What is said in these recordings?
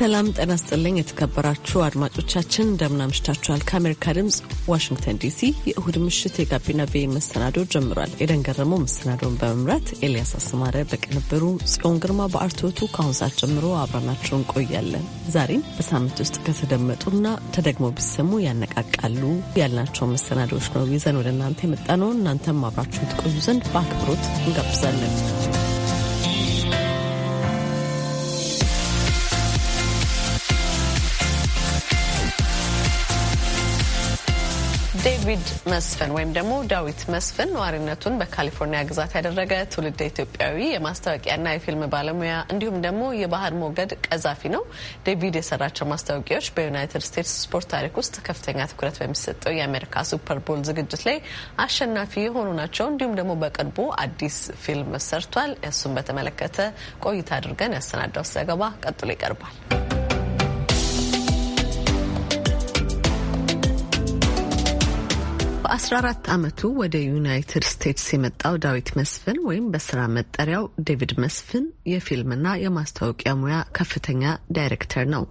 ሰላም ጤና ስጥልኝ። የተከበራችሁ አድማጮቻችን እንደምን አምሽታችኋል? ከአሜሪካ ድምፅ ዋሽንግተን ዲሲ የእሁድ ምሽት የጋቢና ቤ መሰናዶ ጀምሯል። ኤደን ገረመው መሰናዶውን በመምራት ኤልያስ አስማረ በቅንብሩ፣ ጽዮን ግርማ በአርትዖቱ ከአሁን ሰዓት ጀምሮ አብረናችሁ እንቆያለን። ዛሬም በሳምንት ውስጥ ከተደመጡና ተደግሞ ቢሰሙ ያነቃቃሉ ያልናቸው መሰናዶዎች ነው ይዘን ወደ እናንተ የመጣነው። እናንተም አብራችሁን ትቆዩ ዘንድ በአክብሮት እንጋብዛለን። ዴቪድ መስፍን ወይም ደግሞ ዳዊት መስፍን ነዋሪነቱን በካሊፎርኒያ ግዛት ያደረገ ትውልደ ኢትዮጵያዊ የማስታወቂያና የፊልም ባለሙያ እንዲሁም ደግሞ የባህር ሞገድ ቀዛፊ ነው። ዴቪድ የሰራቸው ማስታወቂያዎች በዩናይትድ ስቴትስ ስፖርት ታሪክ ውስጥ ከፍተኛ ትኩረት በሚሰጠው የአሜሪካ ሱፐር ቦል ዝግጅት ላይ አሸናፊ የሆኑ ናቸው። እንዲሁም ደግሞ በቅርቡ አዲስ ፊልም ሰርቷል። እሱን በተመለከተ ቆይታ አድርገን ያሰናዳው ዘገባ ቀጥሎ ይቀርባል። በ14 ዓመቱ ወደ ዩናይትድ ስቴትስ የመጣው ዳዊት መስፍን ወይም በስራ መጠሪያው ዴቪድ መስፍን የፊልምና የማስታወቂያ ሙያ ከፍተኛ ዳይሬክተር ነው።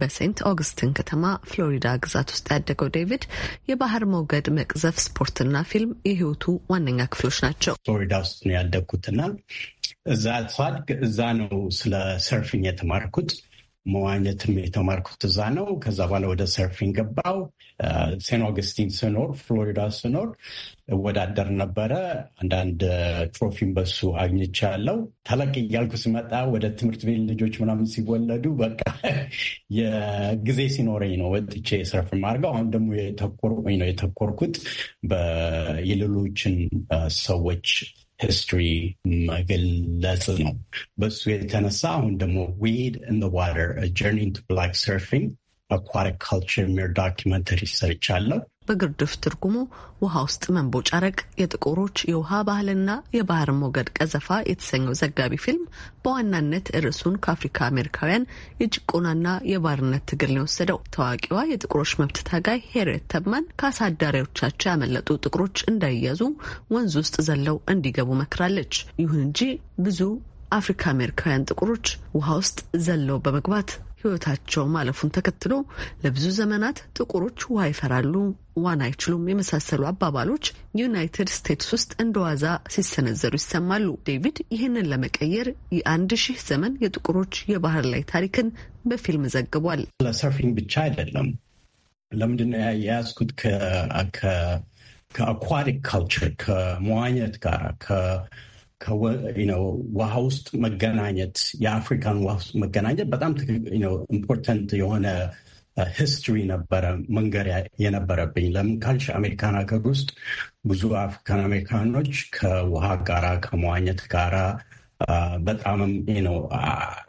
በሴንት ኦግስትን ከተማ ፍሎሪዳ ግዛት ውስጥ ያደገው ዴቪድ የባህር ሞገድ መቅዘፍ ስፖርትና ፊልም የህይወቱ ዋነኛ ክፍሎች ናቸው። ፍሎሪዳ ውስጥ ነው ያደግኩትና እዛ እዛ ነው ስለ ሰርፍኝ የተማርኩት መዋኘትም የተማርኩት እዛ ነው። ከዛ በኋላ ወደ ሰርፊን ገባው። ሴን ኦገስቲን ስኖር፣ ፍሎሪዳ ስኖር እወዳደር ነበረ። አንዳንድ ትሮፊን በሱ አግኝቻለሁ። ተለቅ እያልኩ ስመጣ ወደ ትምህርት ቤት ልጆች ምናምን ሲወለዱ በቃ የጊዜ ሲኖረኝ ነው ወጥቼ ሰርፍ ማድርገው። አሁን ደግሞ የተኮርኩት በሌሎችን ሰዎች ሂስትሪ መግለጽ ነው። በሱ የተነሳ አሁን ደግሞ ዊድ ኢን ዘ ዋተር ጆርኒ ኢንቱ ብላክ ሰርፊንግ አኳቲክ ካልቸር የሚር ዶኪመንተሪ ሰርቻለሁ። በግርድፍ ትርጉሙ ውሃ ውስጥ ጫረቅ። የጥቁሮች የውሃ ባህልና የባህር ሞገድ ቀዘፋ የተሰኘው ዘጋቢ ፊልም በዋናነት ርዕሱን ከአፍሪካ አሜሪካውያን የጭቆናና የባርነት ትግል ነው የወሰደው። ታዋቂዋ የጥቁሮች መብት ታጋይ ሄሬት ተብማን ከአሳዳሪዎቻቸው ያመለጡ ጥቁሮች እንዳይያዙ ወንዝ ውስጥ ዘለው እንዲገቡ መክራለች። ይሁን እንጂ ብዙ አፍሪካ አሜሪካውያን ጥቁሮች ውሃ ውስጥ ዘለው በመግባት ህይወታቸው ማለፉን ተከትሎ ለብዙ ዘመናት ጥቁሮች ውሃ ይፈራሉ፣ ዋን አይችሉም የመሳሰሉ አባባሎች ዩናይትድ ስቴትስ ውስጥ እንደ ዋዛ ሲሰነዘሩ ይሰማሉ። ዴቪድ ይህንን ለመቀየር የአንድ ሺህ ዘመን የጥቁሮች የባህር ላይ ታሪክን በፊልም ዘግቧል። ለሰርፊንግ ብቻ አይደለም። ለምንድነው የያዝኩት ከአኳቲክ ካልቸር ከመዋኘት ጋር ውሃ ውስጥ መገናኘት የአፍሪካን ውሃ ውስጥ መገናኘት በጣም ኢምፖርተንት የሆነ ሂስትሪ uh, ነበረ መንገድ የነበረብኝ። ለምን ካልሽ አሜሪካን ሀገር ውስጥ ብዙ አፍሪካን አሜሪካኖች ከውሃ ጋራ ከመዋኘት ጋራ uh, በጣምም ነው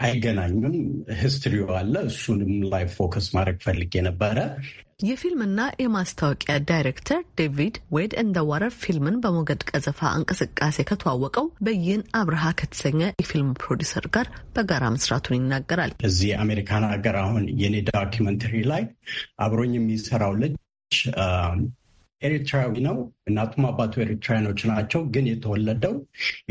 አይገናኙም። ሂስትሪው አለ። እሱንም ላይ ፎከስ ማድረግ ፈልጌ ነበረ። የፊልምና የማስታወቂያ ዳይሬክተር ዴቪድ ዌድ እንደ ዋረር ፊልምን በሞገድ ቀዘፋ እንቅስቃሴ ከተዋወቀው በይን አብርሃ ከተሰኘ የፊልም ፕሮዲሰር ጋር በጋራ መስራቱን ይናገራል። እዚህ የአሜሪካን ሀገር አሁን የኔ ዳኪመንተሪ ላይ አብሮኝ የሚሰራው ልጅ ኤሪትራዊ ነው። እናቱም አባቱ ኤሪትራያኖች ናቸው፣ ግን የተወለደው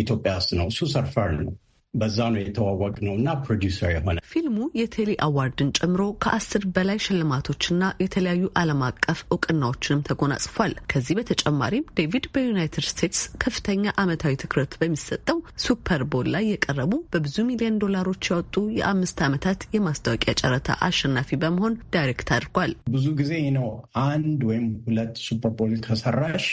ኢትዮጵያ ውስጥ ነው። እሱ ሰርፈር ነው በዛ ነው የተዋወቅ ነው እና ፕሮዲሰር የሆነ ፊልሙ የቴሌ አዋርድን ጨምሮ ከአስር በላይ ሽልማቶችና የተለያዩ ዓለም አቀፍ እውቅናዎችንም ተጎናጽፏል። ከዚህ በተጨማሪም ዴቪድ በዩናይትድ ስቴትስ ከፍተኛ ዓመታዊ ትኩረት በሚሰጠው ሱፐር ቦል ላይ የቀረቡ በብዙ ሚሊዮን ዶላሮች ያወጡ የአምስት ዓመታት የማስታወቂያ ጨረታ አሸናፊ በመሆን ዳይሬክት አድርጓል። ብዙ ጊዜ ነው አንድ ወይም ሁለት ሱፐር ቦል ከሰራሽ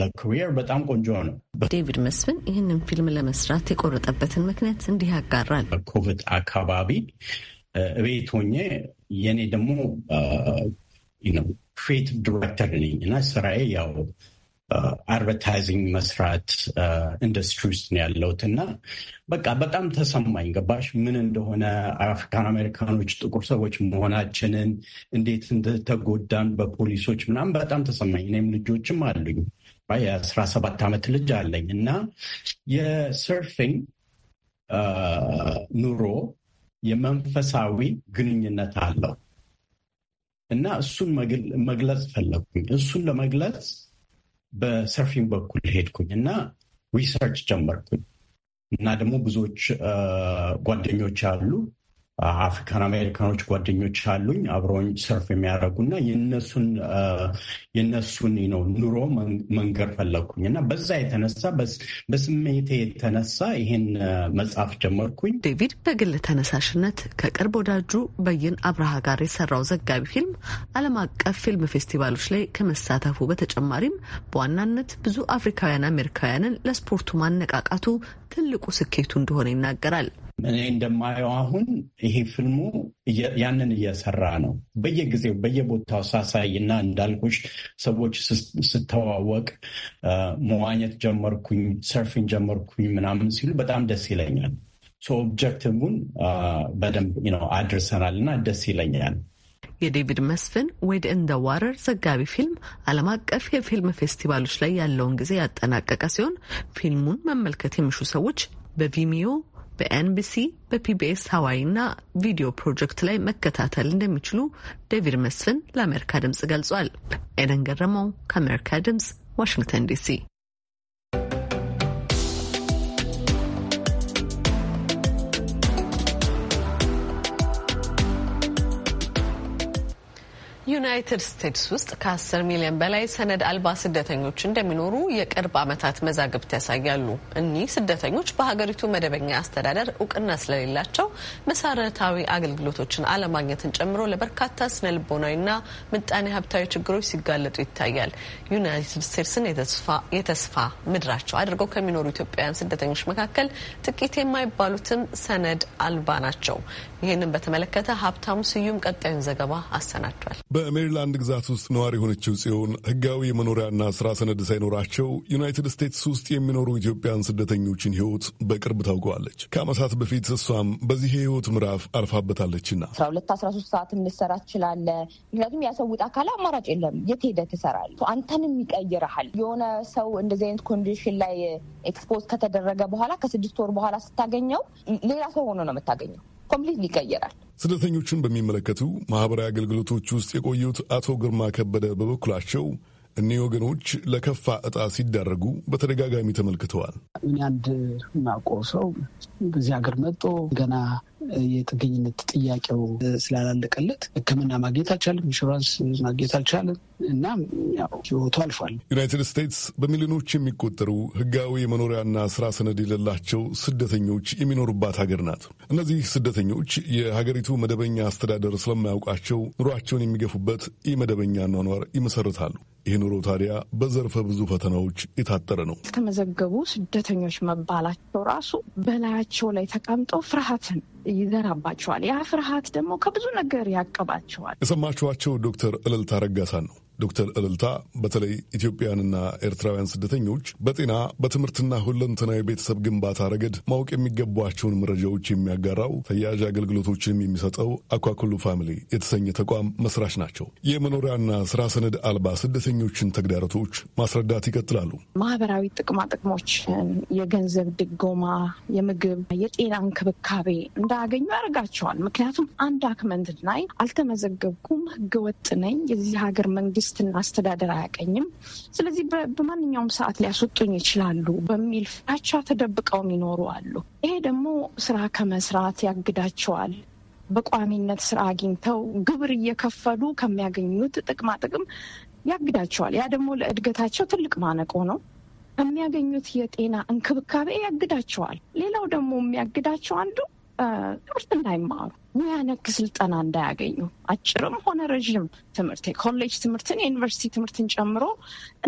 ለኩሪየር በጣም ቆንጆ ነው። ዴቪድ መስፍን ይህንን ፊልም ለመስራት የቆረጠበትን ምክንያት እንዲህ ያጋራል። በኮቪድ አካባቢ እቤት ሆኜ የኔ ደግሞ ክሬቲቭ ዲሬክተር ነኝ እና ስራዬ ያው አድቨርታይዚንግ መስራት ኢንዱስትሪ ውስጥ ነው ያለሁት እና በቃ በጣም ተሰማኝ። ገባሽ ምን እንደሆነ አፍሪካን አሜሪካኖች ጥቁር ሰዎች መሆናችንን እንዴት እንደተጎዳን በፖሊሶች ምናምን በጣም ተሰማኝ። እኔም ልጆችም አሉኝ የአስራ ሰባት ዓመት ልጅ አለኝ እና የሰርፊንግ ኑሮ የመንፈሳዊ ግንኙነት አለው እና እሱን መግለጽ ፈለጉኝ። እሱን ለመግለጽ በሰርፊንግ በኩል ሄድኩኝ እና ሪሰርች ጀመርኩኝ እና ደግሞ ብዙዎች ጓደኞች አሉ አፍሪካን አሜሪካኖች ጓደኞች አሉኝ አብረውኝ ሰርፍ የሚያደርጉና የነሱን የነሱን ነው ኑሮ መንገር ፈለግኩኝ እና በዛ የተነሳ በስሜቴ የተነሳ ይሄን መጽሐፍ ጀመርኩኝ። ዴቪድ በግል ተነሳሽነት ከቅርብ ወዳጁ በይን አብርሃ ጋር የሰራው ዘጋቢ ፊልም ዓለም አቀፍ ፊልም ፌስቲቫሎች ላይ ከመሳተፉ በተጨማሪም በዋናነት ብዙ አፍሪካውያን አሜሪካውያንን ለስፖርቱ ማነቃቃቱ ትልቁ ስኬቱ እንደሆነ ይናገራል። እኔ እንደማየው አሁን ይሄ ፊልሙ ያንን እየሰራ ነው። በየጊዜው በየቦታው ሳሳይና እና እንዳልኩሽ ሰዎች ስተዋወቅ መዋኘት ጀመርኩኝ፣ ሰርፊን ጀመርኩኝ ምናምን ሲሉ በጣም ደስ ይለኛል። ኦብጀክቲቭን በደንብ አድርሰናል እና ደስ ይለኛል። የዴቪድ መስፍን ዌድ እንደ ዋረር ዘጋቢ ፊልም ዓለም አቀፍ የፊልም ፌስቲቫሎች ላይ ያለውን ጊዜ ያጠናቀቀ ሲሆን ፊልሙን መመልከት የሚሹ ሰዎች በቪሚዮ በኤንቢሲ በፒቢኤስ ሀዋይ እና ቪዲዮ ፕሮጀክት ላይ መከታተል እንደሚችሉ ዴቪድ መስፍን ለአሜሪካ ድምጽ ገልጿል። ኤደን ገረመው ከአሜሪካ ድምጽ ዋሽንግተን ዲሲ ዩናይትድ ስቴትስ ውስጥ ከ10 ሚሊዮን በላይ ሰነድ አልባ ስደተኞች እንደሚኖሩ የቅርብ ዓመታት መዛግብት ያሳያሉ። እኒህ ስደተኞች በሀገሪቱ መደበኛ አስተዳደር እውቅና ስለሌላቸው መሰረታዊ አገልግሎቶችን አለማግኘትን ጨምሮ ለበርካታ ስነ ልቦናዊና ምጣኔ ሀብታዊ ችግሮች ሲጋለጡ ይታያል። ዩናይትድ ስቴትስን የተስፋ ምድራቸው አድርገው ከሚኖሩ ኢትዮጵያውያን ስደተኞች መካከል ጥቂት የማይባሉትም ሰነድ አልባ ናቸው። ይህንን በተመለከተ ሀብታሙ ስዩም ቀጣዩን ዘገባ አሰናድቷል። በሜሪላንድ ግዛት ውስጥ ነዋሪ የሆነችው ጽዮን ህጋዊ የመኖሪያና ስራ ሰነድ ሳይኖራቸው ዩናይትድ ስቴትስ ውስጥ የሚኖሩ ኢትዮጵያን ስደተኞችን ህይወት በቅርብ ታውቀዋለች። ከአመሳት በፊት እሷም በዚህ የሕይወት ምዕራፍ አልፋበታለችና አስራ ሁለት አስራ ሶስት ሰዓት እንሰራ ትችላለ። ምክንያቱም ያሰውጥ አካል አማራጭ የለም። የት ሄደ ትሰራል። አንተንም ይቀይረሃል። የሆነ ሰው እንደዚህ አይነት ኮንዲሽን ላይ ኤክስፖዝ ከተደረገ በኋላ ከስድስት ወር በኋላ ስታገኘው ሌላ ሰው ሆኖ ነው የምታገኘው። ኮምፕሊት ይቀየራል። ስደተኞቹን በሚመለከቱ ማህበራዊ አገልግሎቶች ውስጥ የቆዩት አቶ ግርማ ከበደ በበኩላቸው እኒህ ወገኖች ለከፋ እጣ ሲዳረጉ በተደጋጋሚ ተመልክተዋል። እኔ አንድ የማውቀው ሰው በዚህ ሀገር መጦ ገና የጥገኝነት ጥያቄው ስላላለቀለት ሕክምና ማግኘት አልቻለም፣ ኢንሹራንስ ማግኘት አልቻለም እና ህይወቱ አልፏል። ዩናይትድ ስቴትስ በሚሊዮኖች የሚቆጠሩ ህጋዊ የመኖሪያና ስራ ሰነድ የሌላቸው ስደተኞች የሚኖሩባት ሀገር ናት። እነዚህ ስደተኞች የሀገሪቱ መደበኛ አስተዳደር ስለማያውቃቸው ኑሯቸውን የሚገፉበት ኢ መደበኛ ኗኗር ይመሰርታሉ። ይህ ኑሮ ታዲያ በዘርፈ ብዙ ፈተናዎች የታጠረ ነው። የተመዘገቡ ስደተኞች መባላቸው ራሱ በላያቸው ላይ ተቀምጠው ፍርሃትን ይዘራባቸዋል። ያ ፍርሃት ደግሞ ከብዙ ነገር ያቀባቸዋል። የሰማችኋቸው ዶክተር እልልታ ረጋሳን ነው። ዶክተር እልልታ በተለይ ኢትዮጵያውያንና ኤርትራውያን ስደተኞች በጤና በትምህርትና ሁለንተናዊ ቤተሰብ ግንባታ ረገድ ማወቅ የሚገቧቸውን መረጃዎች የሚያጋራው ተያያዥ አገልግሎቶችንም የሚሰጠው አኳኩሉ ፋሚሊ የተሰኘ ተቋም መስራች ናቸው። የመኖሪያና ስራ ሰነድ አልባ ስደተኞችን ተግዳሮቶች ማስረዳት ይቀጥላሉ። ማህበራዊ ጥቅማጥቅሞችን፣ የገንዘብ ድጎማ፣ የምግብ፣ የጤና እንክብካቤ እንዳያገኙ ያደርጋቸዋል። ምክንያቱም አንድ አክመንት ላይ አልተመዘገብኩም፣ ህገወጥ ነኝ፣ የዚህ ሀገር መንግስት የክርስትና አስተዳደር አያቀኝም፣ ስለዚህ በማንኛውም ሰዓት ሊያስወጡኝ ይችላሉ በሚል ፍራቻ ተደብቀው የሚኖሩ አሉ። ይሄ ደግሞ ስራ ከመስራት ያግዳቸዋል። በቋሚነት ስራ አግኝተው ግብር እየከፈሉ ከሚያገኙት ጥቅማጥቅም ያግዳቸዋል። ያ ደግሞ ለእድገታቸው ትልቅ ማነቆ ነው። ከሚያገኙት የጤና እንክብካቤ ያግዳቸዋል። ሌላው ደግሞ የሚያግዳቸው አንዱ ትምህርት እንዳይማሩ ሙያ ነክ ስልጠና እንዳያገኙ አጭርም ሆነ ረዥም ትምህርት የኮሌጅ ትምህርትን የዩኒቨርሲቲ ትምህርትን ጨምሮ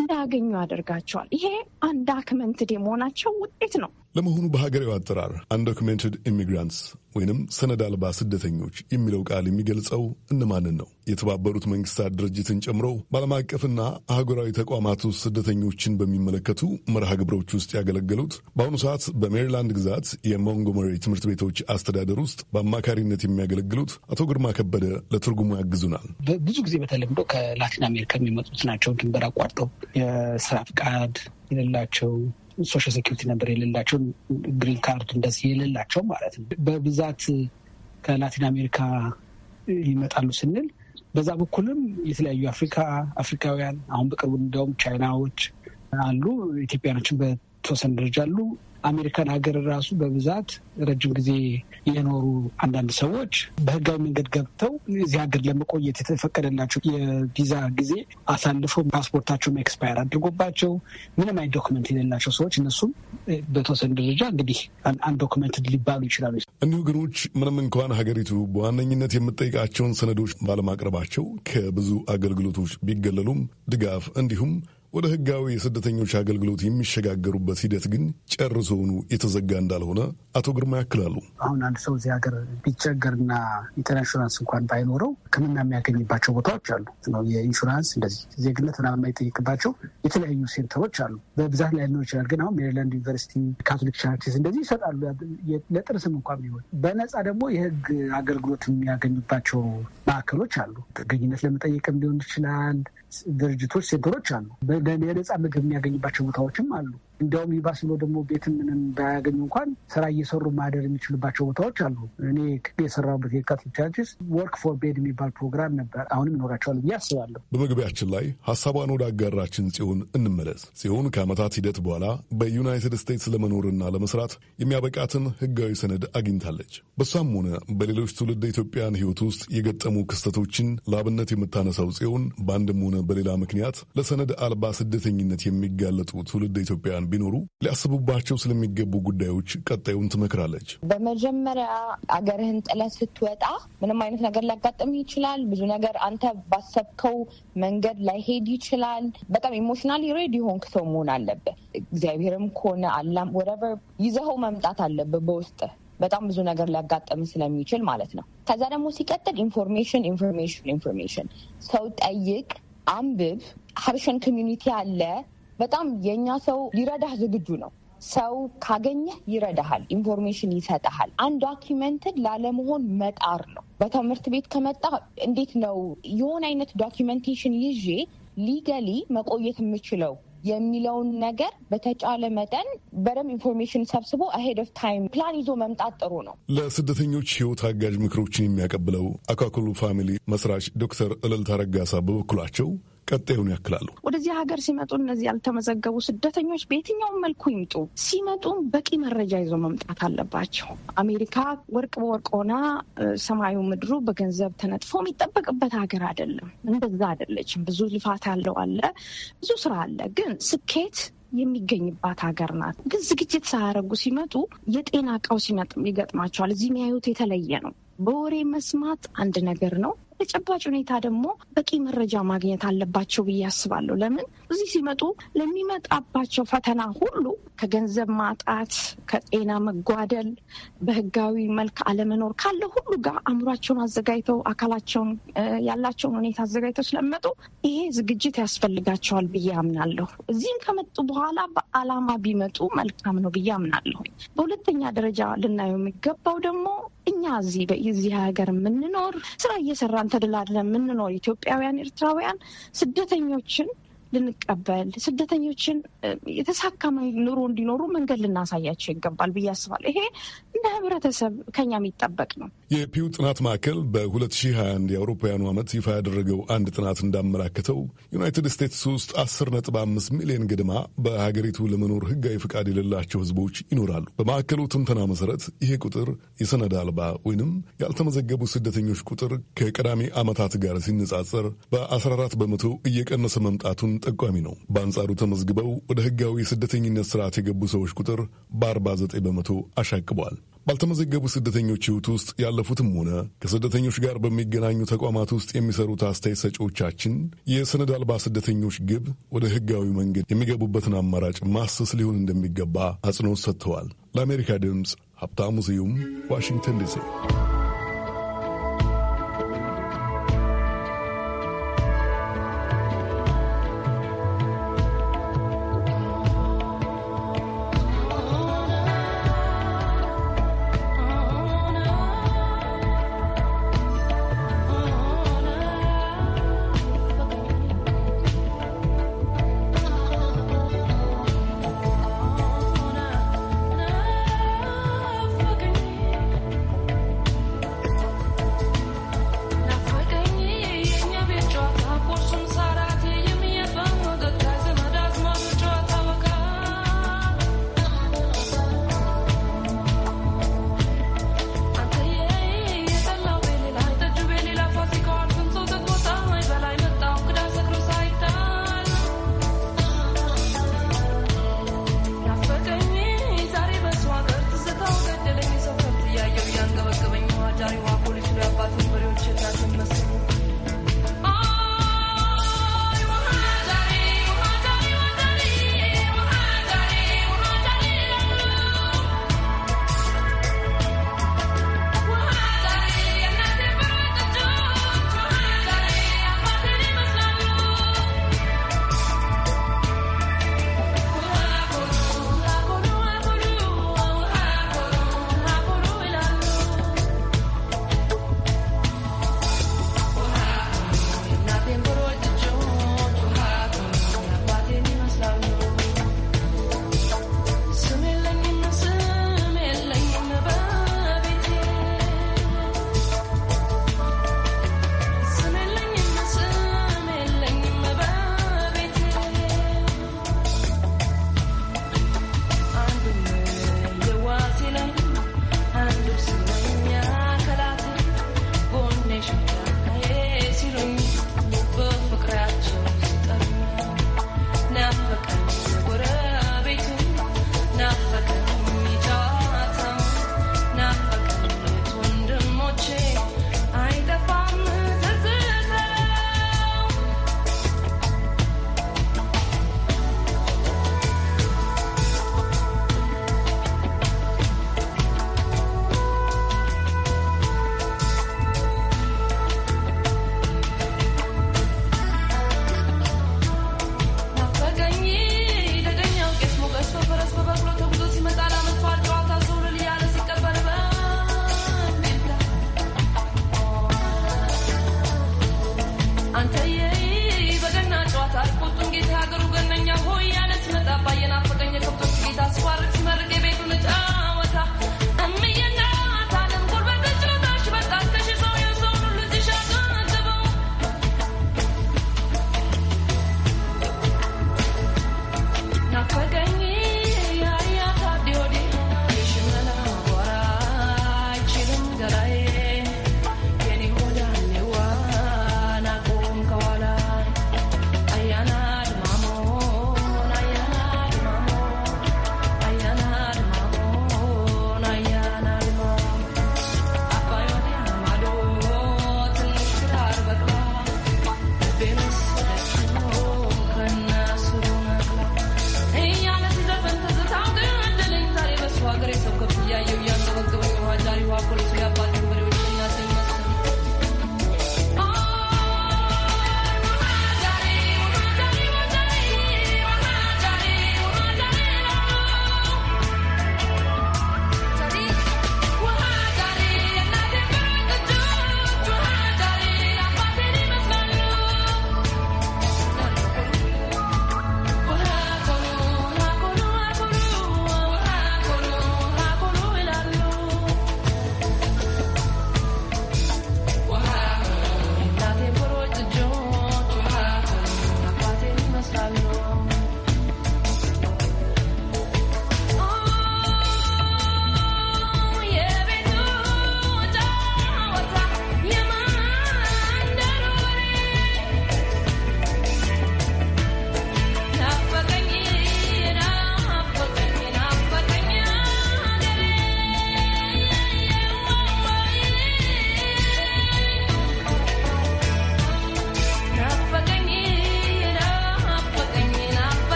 እንዳያገኙ ያደርጋቸዋል። ይሄ አንዳክመንትድ የመሆናቸው ውጤት ነው። ለመሆኑ በሀገሬው አጠራር አንዶክመንትድ ኢሚግራንትስ ወይንም ሰነድ አልባ ስደተኞች የሚለው ቃል የሚገልጸው እነማንን ነው? የተባበሩት መንግስታት ድርጅትን ጨምሮ በዓለም አቀፍና አህጉራዊ ተቋማት ውስጥ ስደተኞችን በሚመለከቱ መርሃ ግብሮች ውስጥ ያገለገሉት በአሁኑ ሰዓት በሜሪላንድ ግዛት የሞንጎመሪ ትምህርት ቤቶች አስተዳደር ውስጥ በአማካሪነት የሚያገለግሉት አቶ ግርማ ከበደ ለትርጉሙ ያግዙናል። ብዙ ጊዜ በተለምዶ ከላቲን አሜሪካ የሚመጡት ናቸው። ድንበር አቋርጠው የስራ ፍቃድ የሌላቸው ሶሻል ሴኪሪቲ ነበር የሌላቸው ግሪን ካርድ እንደዚህ የሌላቸው ማለት ነው። በብዛት ከላቲን አሜሪካ ይመጣሉ ስንል በዛ በኩልም የተለያዩ አፍሪካ አፍሪካውያን አሁን በቅርቡ እንዲያውም ቻይናዎች አሉ። ኢትዮጵያኖችን በተወሰነ ደረጃ አሉ። አሜሪካን ሀገር ራሱ በብዛት ረጅም ጊዜ የኖሩ አንዳንድ ሰዎች በህጋዊ መንገድ ገብተው እዚህ ሀገር ለመቆየት የተፈቀደላቸው የቪዛ ጊዜ አሳልፈው ፓስፖርታቸውም ኤክስፓየር አድርጎባቸው ምንም አይነት ዶክመንት የሌላቸው ሰዎች እነሱም በተወሰነ ደረጃ እንግዲህ አንድ ዶክመንት ሊባሉ ይችላሉ። እኒሁ ግኖች ምንም እንኳን ሀገሪቱ በዋነኝነት የምጠይቃቸውን ሰነዶች ባለማቅረባቸው ከብዙ አገልግሎቶች ቢገለሉም ድጋፍ እንዲሁም ወደ ህጋዊ የስደተኞች አገልግሎት የሚሸጋገሩበት ሂደት ግን ጨርሶውኑ የተዘጋ እንዳልሆነ አቶ ግርማ ያክላሉ። አሁን አንድ ሰው እዚህ ሀገር ቢቸገርና ኢንሹራንስ እንኳን ባይኖረው ሕክምና የሚያገኝባቸው ቦታዎች አሉ። የኢንሹራንስ እንደዚህ ዜግነት ና የማይጠይቅባቸው የተለያዩ ሴንተሮች አሉ። በብዛት ላይ ሊኖር ይችላል። ግን አሁን ሜሪላንድ ዩኒቨርሲቲ፣ ካቶሊክ ቻርችስ እንደዚህ ይሰጣሉ። ለጥርስም እንኳን ቢሆን በነፃ ደግሞ የህግ አገልግሎት የሚያገኙባቸው ማዕከሎች አሉ። ጥገኝነት ለመጠየቅም ሊሆን ይችላል ድርጅቶች፣ ሴንተሮች አሉ። በነፃ ምግብ የሚያገኝባቸው ቦታዎችም አሉ። እንዲያውም ይባስ ብሎ ደግሞ ቤት ምንም ባያገኙ እንኳን ስራ እየሰሩ ማደር የሚችሉባቸው ቦታዎች አሉ። እኔ የሰራሁበት የካቶሊክ ቻርችስ ወርክ ፎር ቤድ የሚባል ፕሮግራም ነበር። አሁንም ይኖራቸዋል ብዬ አስባለሁ። በመግቢያችን ላይ ሀሳቧን ወደ አጋራችን ጽሁን እንመለስ። ጽሁን ከዓመታት ሂደት በኋላ በዩናይትድ ስቴትስ ለመኖርና ለመስራት የሚያበቃትን ህጋዊ ሰነድ አግኝታለች። በሷም ሆነ በሌሎች ትውልድ ኢትዮጵያን ህይወት ውስጥ የገጠሙ ክስተቶችን ለአብነት የምታነሳው ጽሁን በአንድም ሆነ በሌላ ምክንያት ለሰነድ አልባ ስደተኝነት የሚጋለጡ ትውልድ ኢትዮጵያን ቢኖሩ ሊያስቡባቸው ስለሚገቡ ጉዳዮች ቀጣዩን ትመክራለች። በመጀመሪያ አገርህን ጥለህ ስትወጣ ምንም አይነት ነገር ሊያጋጥም ይችላል። ብዙ ነገር አንተ ባሰብከው መንገድ ላይሄድ ይችላል። በጣም ኢሞሽናሊ ሬዲ ሆንክ ሰው መሆን አለብህ። እግዚአብሔርም ከሆነ አላም ወረቨር ይዘኸው መምጣት አለብህ በውስጥ በጣም ብዙ ነገር ሊያጋጠም ስለሚችል ማለት ነው። ከዛ ደግሞ ሲቀጥል ኢንፎርሜሽን ኢንፎርሜሽን ኢንፎርሜሽን ሰው ጠይቅ፣ አንብብ። ሀበሻን ኮሚዩኒቲ አለ በጣም የእኛ ሰው ሊረዳህ ዝግጁ ነው። ሰው ካገኘህ ይረዳሃል፣ ኢንፎርሜሽን ይሰጠሃል። አንድ ዶኪመንትን ላለመሆን መጣር ነው። በትምህርት ቤት ከመጣ እንዴት ነው የሆነ አይነት ዶኪመንቴሽን ይዤ ሊገሊ መቆየት የምችለው የሚለውን ነገር በተጫለ መጠን በደንብ ኢንፎርሜሽን ሰብስቦ አሄድ ኦፍ ታይም ፕላን ይዞ መምጣት ጥሩ ነው። ለስደተኞች ሕይወት አጋዥ ምክሮችን የሚያቀብለው አካክሉ ፋሚሊ መስራች ዶክተር እልልታ ረጋሳ በበኩላቸው ቀጣዩን ያክላሉ። ወደዚህ ሀገር ሲመጡ እነዚህ ያልተመዘገቡ ስደተኞች በየትኛውም መልኩ ይምጡ፣ ሲመጡም በቂ መረጃ ይዞ መምጣት አለባቸው። አሜሪካ ወርቅ በወርቅ ሆና ሰማዩ ምድሩ በገንዘብ ተነጥፎ የሚጠበቅበት ሀገር አይደለም። እንደዛ አይደለችም። ብዙ ልፋት ያለው አለ፣ ብዙ ስራ አለ። ግን ስኬት የሚገኝባት ሀገር ናት። ግን ዝግጅት ሳያደርጉ ሲመጡ የጤና ቀውስ ይገጥማቸዋል። እዚህ የሚያዩት የተለየ ነው። በወሬ መስማት አንድ ነገር ነው። በተጨባጭ ሁኔታ ደግሞ በቂ መረጃ ማግኘት አለባቸው ብዬ አስባለሁ። ለምን እዚህ ሲመጡ ለሚመጣባቸው ፈተና ሁሉ ከገንዘብ ማጣት፣ ከጤና መጓደል፣ በህጋዊ መልክ አለመኖር ካለ ሁሉ ጋር አእምሯቸውን አዘጋጅተው አካላቸውን ያላቸውን ሁኔታ አዘጋጅተው ስለሚመጡ ይሄ ዝግጅት ያስፈልጋቸዋል ብዬ አምናለሁ። እዚህም ከመጡ በኋላ በአላማ ቢመጡ መልካም ነው ብዬ አምናለሁ። በሁለተኛ ደረጃ ልናየው የሚገባው ደግሞ እኛ እዚህ በዚህ ሀገር የምንኖር ስራ እየሰራን ተደላድለን የምንኖር ኢትዮጵያውያን፣ ኤርትራውያን ስደተኞችን ልንቀበል ስደተኞችን የተሳካ ኑሮ እንዲኖሩ መንገድ ልናሳያቸው ይገባል ብዬ አስባለሁ። ይሄ እንደ ህብረተሰብ ከኛ የሚጠበቅ ነው። የፒው ጥናት ማዕከል በ2021 የአውሮፓውያኑ ዓመት ይፋ ያደረገው አንድ ጥናት እንዳመላከተው ዩናይትድ ስቴትስ ውስጥ 10.5 ሚሊዮን ገድማ በሀገሪቱ ለመኖር ሕጋዊ ፈቃድ የሌላቸው ሕዝቦች ይኖራሉ። በማዕከሉ ትንተና መሠረት ይሄ ቁጥር የሰነድ አልባ ወይንም ያልተመዘገቡ ስደተኞች ቁጥር ከቀዳሚ ዓመታት ጋር ሲነጻጸር በ14 በመቶ እየቀነሰ መምጣቱን ጠቋሚ ነው። በአንጻሩ ተመዝግበው ወደ ሕጋዊ የስደተኝነት ስርዓት የገቡ ሰዎች ቁጥር በ49 በመቶ አሻቅቧል። ባልተመዘገቡ ስደተኞች ህይወት ውስጥ ያለፉትም ሆነ ከስደተኞች ጋር በሚገናኙ ተቋማት ውስጥ የሚሰሩት አስተያየት ሰጪዎቻችን የሰነድ አልባ ስደተኞች ግብ ወደ ህጋዊ መንገድ የሚገቡበትን አማራጭ ማሰስ ሊሆን እንደሚገባ አጽንኦት ሰጥተዋል። ለአሜሪካ ድምፅ ሀብታሙ ስዩም ዋሽንግተን ዲሲ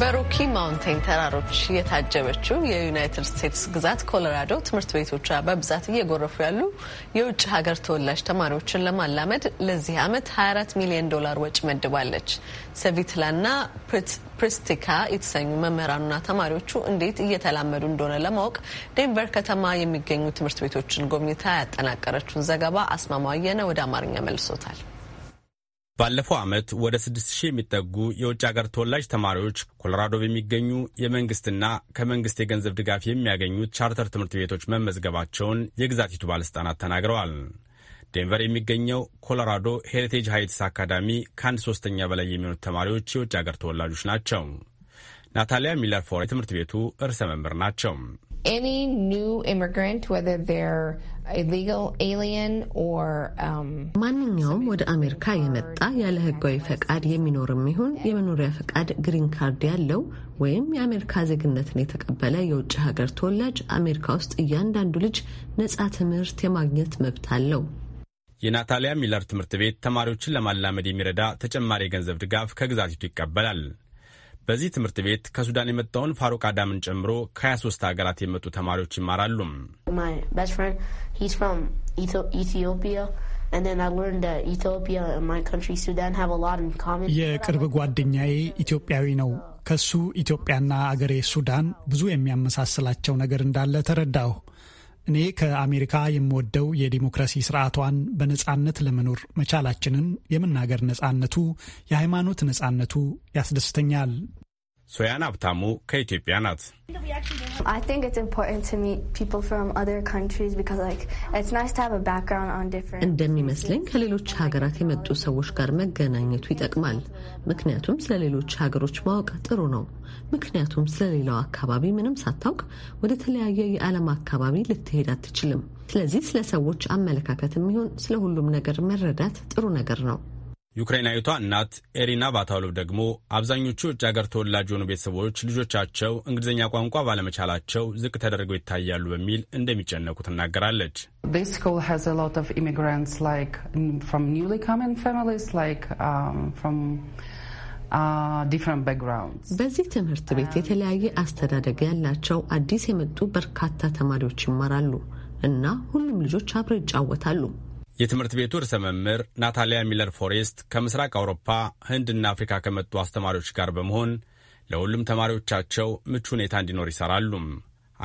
በሮኪ ማውንቴን ተራሮች የታጀበችው የዩናይትድ ስቴትስ ግዛት ኮሎራዶ ትምህርት ቤቶቿ በብዛት እየጎረፉ ያሉ የውጭ ሀገር ተወላጅ ተማሪዎችን ለማላመድ ለዚህ ዓመት 24 ሚሊዮን ዶላር ወጪ መድባለች። ሰቪትላና ፕሪስቲካ የተሰኙ መምህራኑና ተማሪዎቹ እንዴት እየተላመዱ እንደሆነ ለማወቅ ዴንቨር ከተማ የሚገኙ ትምህርት ቤቶችን ጎብኝታ ያጠናቀረችውን ዘገባ አስማማው አየነ ወደ አማርኛ መልሶታል። ባለፈው ዓመት ወደ 6000 የሚጠጉ የውጭ አገር ተወላጅ ተማሪዎች ኮሎራዶ በሚገኙ የመንግስትና ከመንግስት የገንዘብ ድጋፍ የሚያገኙት ቻርተር ትምህርት ቤቶች መመዝገባቸውን የግዛቲቱ ባለሥልጣናት ተናግረዋል። ዴንቨር የሚገኘው ኮሎራዶ ሄሪቴጅ ሃይትስ አካዳሚ ከአንድ ሶስተኛ በላይ የሚሆኑት ተማሪዎች የውጭ አገር ተወላጆች ናቸው። ናታሊያ ሚለር ፎር የትምህርት ቤቱ እርሰ መምህር ናቸው። any Um, ማንኛውም ወደ አሜሪካ የመጣ ያለ ህጋዊ ፈቃድ የሚኖርም ይሁን የመኖሪያ ፈቃድ ግሪን ካርድ ያለው ወይም የአሜሪካ ዜግነትን የተቀበለ የውጭ ሀገር ተወላጅ አሜሪካ ውስጥ እያንዳንዱ ልጅ ነጻ ትምህርት የማግኘት መብት አለው። የናታሊያ ሚለር ትምህርት ቤት ተማሪዎችን ለማላመድ የሚረዳ ተጨማሪ የገንዘብ ድጋፍ ከግዛቲቱ ይቀበላል። በዚህ ትምህርት ቤት ከሱዳን የመጣውን ፋሩቅ አዳምን ጨምሮ ከ23 ሀገራት የመጡ ተማሪዎች ይማራሉ። የቅርብ ጓደኛዬ ኢትዮጵያዊ ነው። ከሱ ኢትዮጵያና አገሬ ሱዳን ብዙ የሚያመሳስላቸው ነገር እንዳለ ተረዳሁ። እኔ ከአሜሪካ የምወደው የዲሞክራሲ ስርዓቷን በነጻነት ለመኖር መቻላችንን፣ የመናገር ነጻነቱ፣ የሃይማኖት ነጻነቱ ያስደስተኛል። ሶያን ሀብታሙ ከኢትዮጵያ ናት። እንደሚመስለኝ ከሌሎች ሀገራት የመጡ ሰዎች ጋር መገናኘቱ ይጠቅማል። ምክንያቱም ስለ ሌሎች ሀገሮች ማወቅ ጥሩ ነው። ምክንያቱም ስለ ሌላው አካባቢ ምንም ሳታውቅ ወደ ተለያየ የዓለም አካባቢ ልትሄድ አትችልም። ስለዚህ ስለ ሰዎች አመለካከት የሚሆን ስለ ሁሉም ነገር መረዳት ጥሩ ነገር ነው። ዩክሬናዊቷ እናት ኤሪና ቫታውሎቭ ደግሞ አብዛኞቹ የውጭ ሀገር ተወላጅ የሆኑ ቤተሰቦች ልጆቻቸው እንግሊዝኛ ቋንቋ ባለመቻላቸው ዝቅ ተደርገው ይታያሉ በሚል እንደሚጨነቁ ትናገራለች። um, uh, በዚህ ትምህርት ቤት የተለያየ አስተዳደግ ያላቸው አዲስ የመጡ በርካታ ተማሪዎች ይማራሉ እና ሁሉም ልጆች አብረው ይጫወታሉ። የትምህርት ቤቱ ርዕሰ መምህር ናታሊያ ሚለር ፎሬስት ከምስራቅ አውሮፓ ህንድና አፍሪካ ከመጡ አስተማሪዎች ጋር በመሆን ለሁሉም ተማሪዎቻቸው ምቹ ሁኔታ እንዲኖር ይሰራሉ።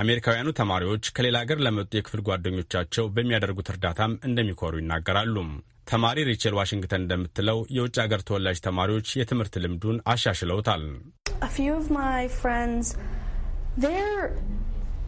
አሜሪካውያኑ ተማሪዎች ከሌላ አገር ለመጡ የክፍል ጓደኞቻቸው በሚያደርጉት እርዳታም እንደሚኮሩ ይናገራሉ። ተማሪ ሪቸል ዋሽንግተን እንደምትለው የውጭ አገር ተወላጅ ተማሪዎች የትምህርት ልምዱን አሻሽለውታል።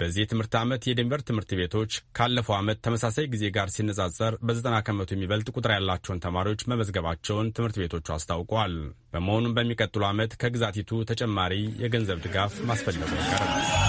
በዚህ የትምህርት ዓመት የዴንቨር ትምህርት ቤቶች ካለፈው ዓመት ተመሳሳይ ጊዜ ጋር ሲነጻጸር በዘጠና ከመቶ የሚበልጥ ቁጥር ያላቸውን ተማሪዎች መመዝገባቸውን ትምህርት ቤቶቹ አስታውቋል። በመሆኑም በሚቀጥሉ ዓመት ከግዛቲቱ ተጨማሪ የገንዘብ ድጋፍ ማስፈለጉ ይቀርባል።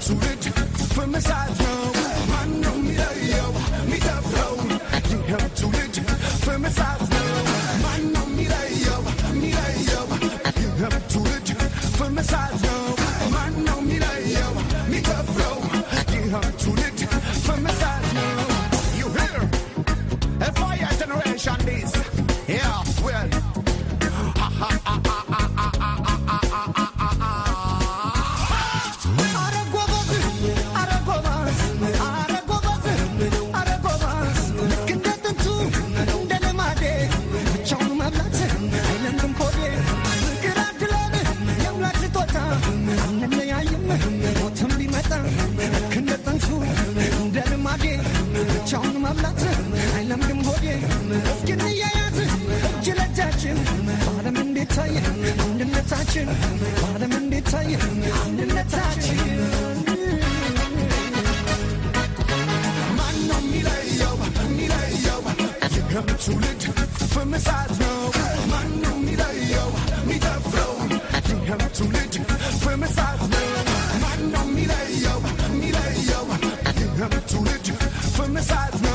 rich Sureç, fırmı sazım. አይለምድም ጎዴ እስኪን እያያት እጅ ለእጃችን ዓለም እንዲታይ አንድነታችን ዓለም እንዲታይ አንድነታችን ማነው የሚለየው የሚለየው የለም ትውልድ ፍምሳት ነው ማነው የሚለየው የሚደፍረው የለም ትውልድ ፍምሳት ነው ማነው የሚለየው የሚለየው የለም ትውልድ ፍምሳት ነው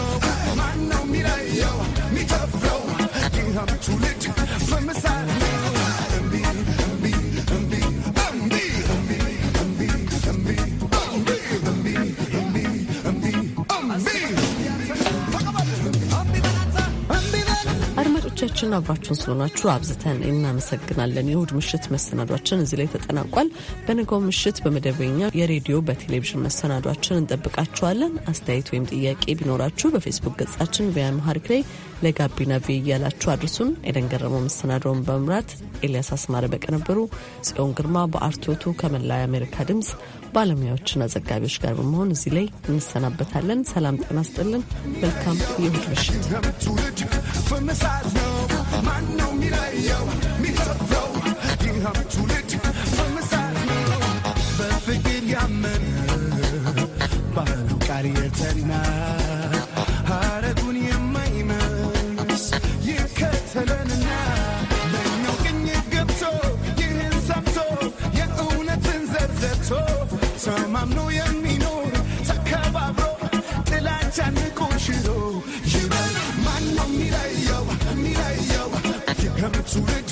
አድማጮቻችን አብራችሁን ስለሆናችሁ አብዝተን እናመሰግናለን። የእሁድ ምሽት መሰናዷችን እዚህ ላይ ተጠናቋል። በነገው ምሽት በመደበኛ የሬዲዮ በቴሌቪዥን መሰናዷችን እንጠብቃችኋለን። አስተያየት ወይም ጥያቄ ቢኖራችሁ በፌስቡክ ገጻችን ቪያምሃሪክ ላይ ለጋቢና ቪ እያላችሁ አድርሱን። ኤደን ገረመው መሰናዶውን በመምራት ኤልያስ አስማረ በቀነበሩ ጽዮን ግርማ በአርቶቱ ከመላ የአሜሪካ ድምፅ ባለሙያዎችና ዘጋቢዎች ጋር በመሆን እዚህ ላይ እንሰናበታለን። ሰላም ጤና ስጥልን። መልካም የእሁድ ምሽት ማነው የሚለየው የሚከብረው ይኸው ሀረጉን የማይመስ ይከተለንና በኛው ቅኝት ገብቶ ይህን ሰምቶ የእውነትን የሚኖር ተከባብሮ azul